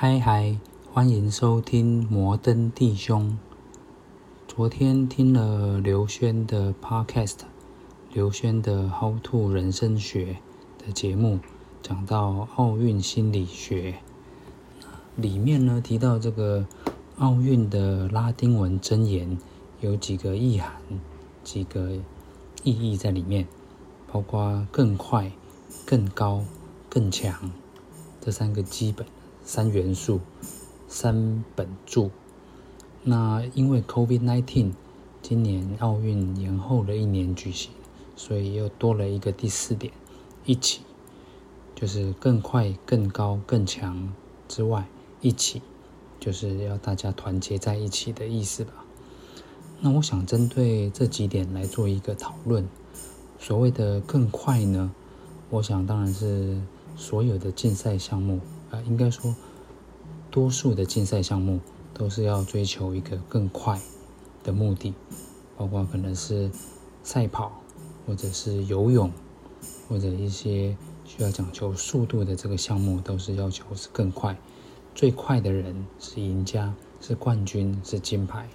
嗨嗨，hi hi, 歡迎收聽摩登弟兄。昨天聽了劉軒的 Podcast，劉軒的《How to 人生學》的節目，講到奧運心理學。裡面呢提到這個奧運的拉丁文箴言，有幾個意涵，幾個意義在裡面，包括更快、更高、更強這三個基本。三元素，三本柱。那因為 COVID-19，今年奧運延後了一年舉行，所以又多了一個第四點：一起，就是更快、更高、更強之外，一起，就是要大家團結在一起的意思吧。那我想針對這幾點來做一個討論。所謂的更快呢，我想當然是所有的競賽項目。啊、呃，應該說，多數的競賽項目都是要追求一個更快的目的，包括可能是賽跑，或者是游泳，或者一些需要講究速度的這個項目，都是要求是更快。最快的人是贏家，是冠軍，是金牌。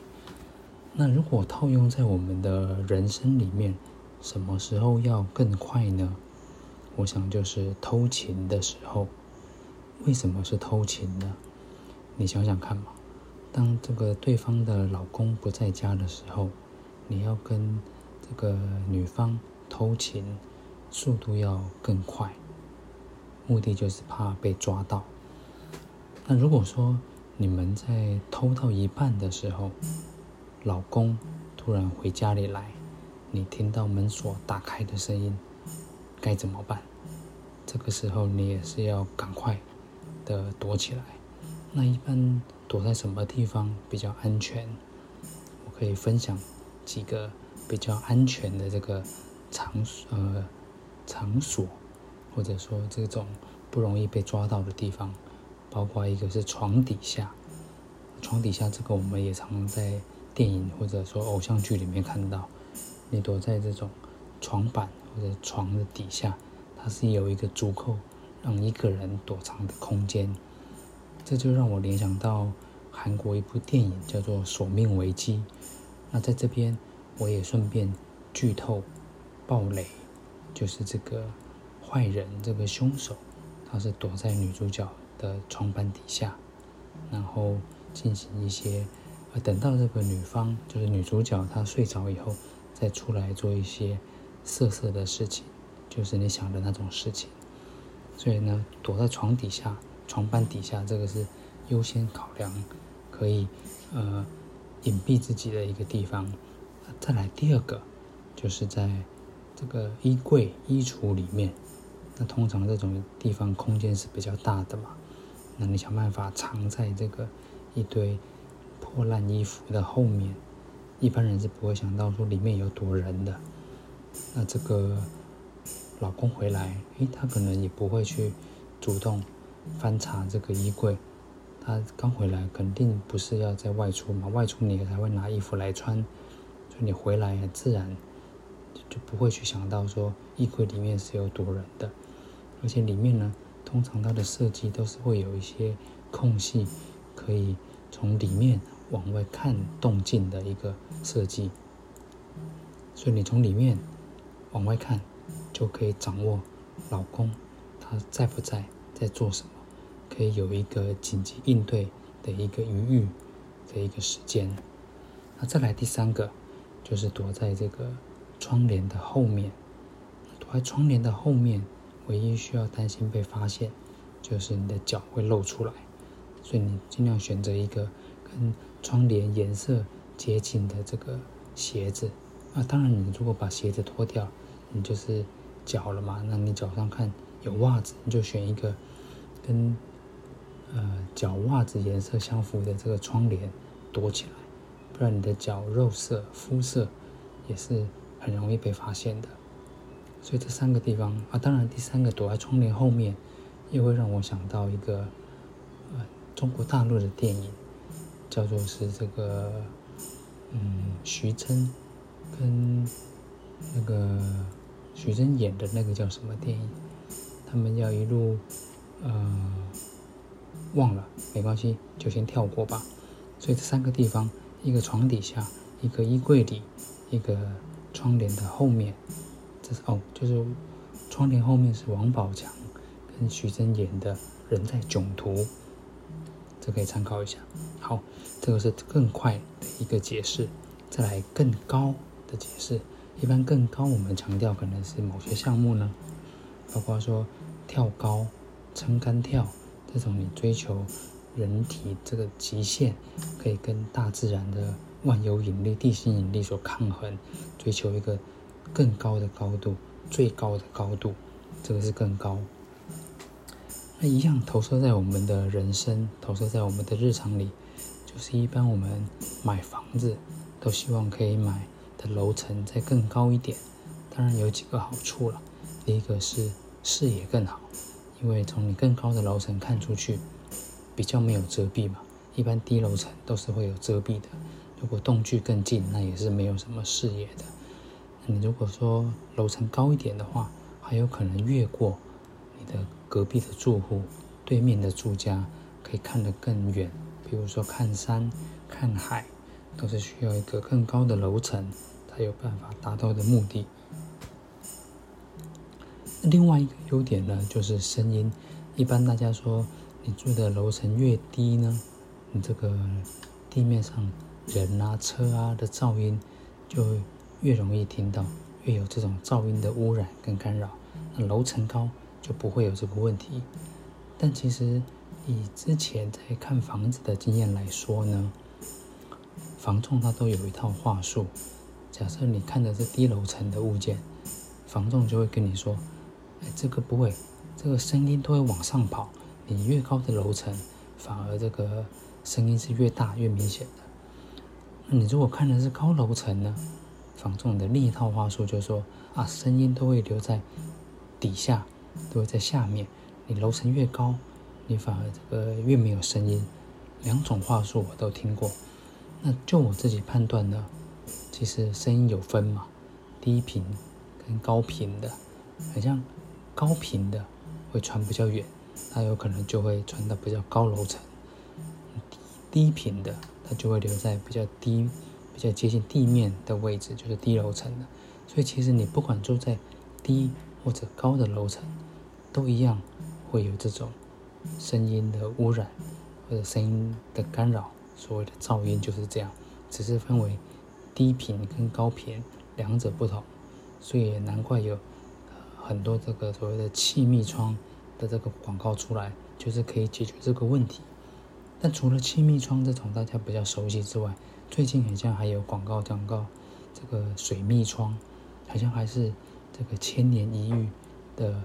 那如果套用在我們的人生裡面，什麼時候要更快呢？我想就是偷情的時候。為什麼是偷情呢？你想想看嘛，當這個對方的老公不在家的時候，你要跟這個女方偷情，速度要更快，目的就是怕被抓到。那如果說你們在偷情到一半的時候，老公突然回家裡來，你聽到門鎖打開的聲音，該怎麼辦？這個時候你也是要趕快的躲起來，那一般躲在什麼地方比較安全？我可以分享幾個比較安全的這個場所，呃，場所或者說這種不容易被抓到的地方，包括一個是床底下，床底下這個我們也常在電影或者說偶像劇裡面看到，你躲在這種床板或者床的底下，它是有一個足扣。讓一個人躲藏的空間，這就讓我聯想到韓國一部電影，叫做《索命危機》。那在這邊，我也順便劇透暴雷，就是這個壞人、這個兇手，他是躲在女主角的床板底下，然後進行一些……呃，等到這個女方，就是女主角，她睡着以後，再出來做一些色色的事情，就是你想的那種事情。所以呢，躲在床底下、床板底下，這個是優先考量，可以呃隱蔽自己的一個地方。再來第二個，就是在這個衣櫃、衣櫥裡面。那通常這種地方空間是比較大的嘛，那你想辦法藏在這個一堆破爛衣服的後面，一般人是不會想到說裡面有躲人的。那這個。老公回來，誒，他可能也不會去主動翻查這個衣櫃。他剛回來，肯定不是要在外出嘛，外出你才會拿衣服來穿，所以你回來自然就不會去想到說衣櫃裡面是有躲人的。而且裡面呢，通常它的設計都是會有一些空隙，可以從裡面往外看動靜的一個設計。所以你從裡面往外看。就可以掌握老公他在不在、在做什麼，可以有一個緊急應對的一個餘裕的一個時間。那再來第三個，就是躲在這個窗簾的後面。躲在窗簾的後面，唯一需要擔心被發現，就是你的腳會露出來，所以你盡量選擇一個跟窗簾顏色接近的這個鞋子。那當然你如果把鞋子脫掉，你就是。腳了嘛？那你腳上看有襪子，你就選一個跟呃腳襪子顏色相符的這個窗簾躲起來，不然你的腳肉色膚色也是很容易被發現的。所以這三個地方啊，當然第三個躲在窗簾後面，又會讓我想到一個呃中國大陸的電影，叫做是這個嗯徐崢跟那個。徐崢演的那個叫什麼電影？他們要一路，呃，忘了，沒關係，就先跳過吧。所以這三個地方：一個床底下，一個衣櫃裡，一個窗簾的後面。這是哦，就是窗簾後面是王寶強跟徐崢演的《人在囧途》，這可以參考一下。好，這個是更快的一個解釋，再來更高的解釋。一般更高，我們強調可能是某些項目呢，包括說跳高、撐杆跳這種，你追求人體這個極限，可以跟大自然的萬有引力、地心引力所抗衡，追求一個更高的高度，最高的高度，這個是更高。那一樣投射在我們的人生，投射在我們的日常裡，就是一般我們買房子，都希望可以買。的樓層再更高一點，當然有幾個好處了。第一個是視野更好，因為從你更高的樓層看出去，比較沒有遮蔽嘛。一般低樓層都是會有遮蔽的。如果棟距更近，那也是沒有什麼視野的。那你如果說樓層高一點的話，還有可能越過你的隔壁的住戶、對面的住家，可以看得更遠。比如說看山、看海，都是需要一個更高的樓層。才有辦法達到的目的。另外一個優點呢，就是聲音。一般大家說，你住的樓層越低呢，你這個地面上人啊、車啊的噪音就越容易聽到，越有這種噪音的污染跟干擾。樓層高就不會有這個問題。但其實以之前在看房子的經驗來說呢，房仲他都有一套話術。假設你看的是低樓層的物件，房仲就會跟你說：“哎，這個不會，這個聲音都會往上跑。你越高的樓層，反而這個聲音是越大越明顯的。”那你如果看的是高樓層呢？房仲的另一套話術就是說：“啊，聲音都會留在底下，都會在下面。你樓層越高，你反而這個越沒有聲音。”兩種話術我都聽過，那就我自己判斷呢。其實聲音有分嘛，低頻跟高頻的，好像高頻的會傳比較遠，它有可能就會傳到比較高樓層；低頻的它就會留在比較低、比較接近地面的位置，就是低樓層的。所以其實你不管住在低或者高的樓層，都一樣會有這種聲音的污染或者聲音的干擾。所謂的噪音就是這樣，只是分為低頻跟高頻兩者不同，所以也難怪有很多這個所謂的氣密窗的這個廣告出來，就是可以解決這個問題。但除了氣密窗這種大家比較熟悉之外，最近好像還有廣告廣告這個水密窗，好像還是這個千年一遇的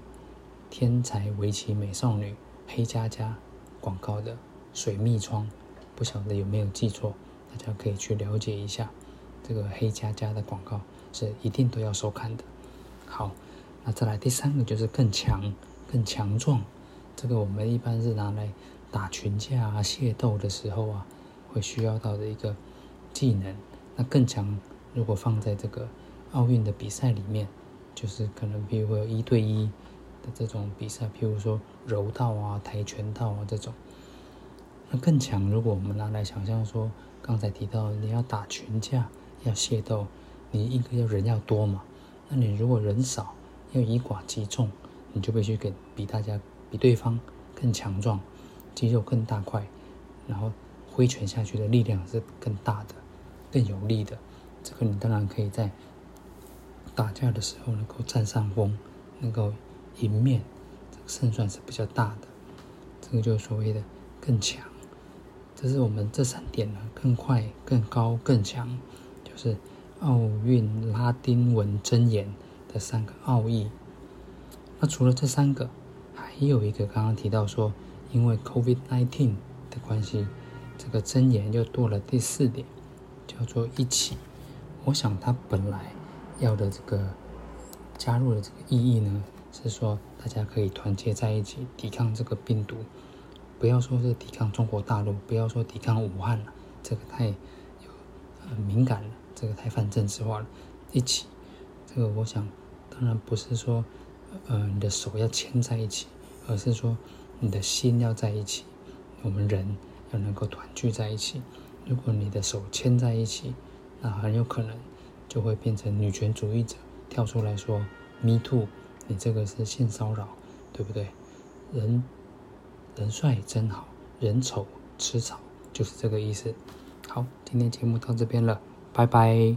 天才圍棋美少女黑佳佳廣告的水密窗，不曉得有沒有記錯，大家可以去了解一下。這個黑加加的廣告是一定都要收看的。好，那再來第三個就是更強、更強壯。這個我們一般是拿來打群架啊、械鬥的時候啊，會需要到的一個技能。那更強，如果放在這個奧運的比賽裡面，就是可能譬如會有一對一的這種比賽，譬如說柔道啊、跆拳道啊這種。那更強，如果我們拿來想象說，剛才提到你要打群架。要械鬥，你一個要人要多嘛？那你如果人少，要以寡擊眾，你就必須給比大家、比對方更強壯，肌肉更大塊，然後揮拳下去的力量是更大的、更有力的。這個你當然可以在打架的時候能夠占上風，能夠贏面，這個、勝算是比較大的。這個就是所謂的更強，這是我們這三點呢：更快、更高、更強。是奧運拉丁文箴言的三個奧義。那除了這三個，還有一個剛剛提到說，因為 COVID-19 的關係，這個箴言又多了第四點，叫做“一起”。我想他本來要的這個加入的這個意義呢，是說大家可以團結在一起抵抗這個病毒，不要說是抵抗中國大陸，不要說抵抗武漢了，這個太。很、嗯、敏感了，這個太泛政治化了。一起，這個我想，當然不是說，呃，你的手要牽在一起，而是說你的心要在一起。我們人要能夠團聚在一起。如果你的手牽在一起，那很有可能就會變成女權主義者跳出來說 “me too”，你這個是性騷擾，對不對？人人帥真好，人醜吃草，就是這個意思。好，今天節目到這邊了，拜拜。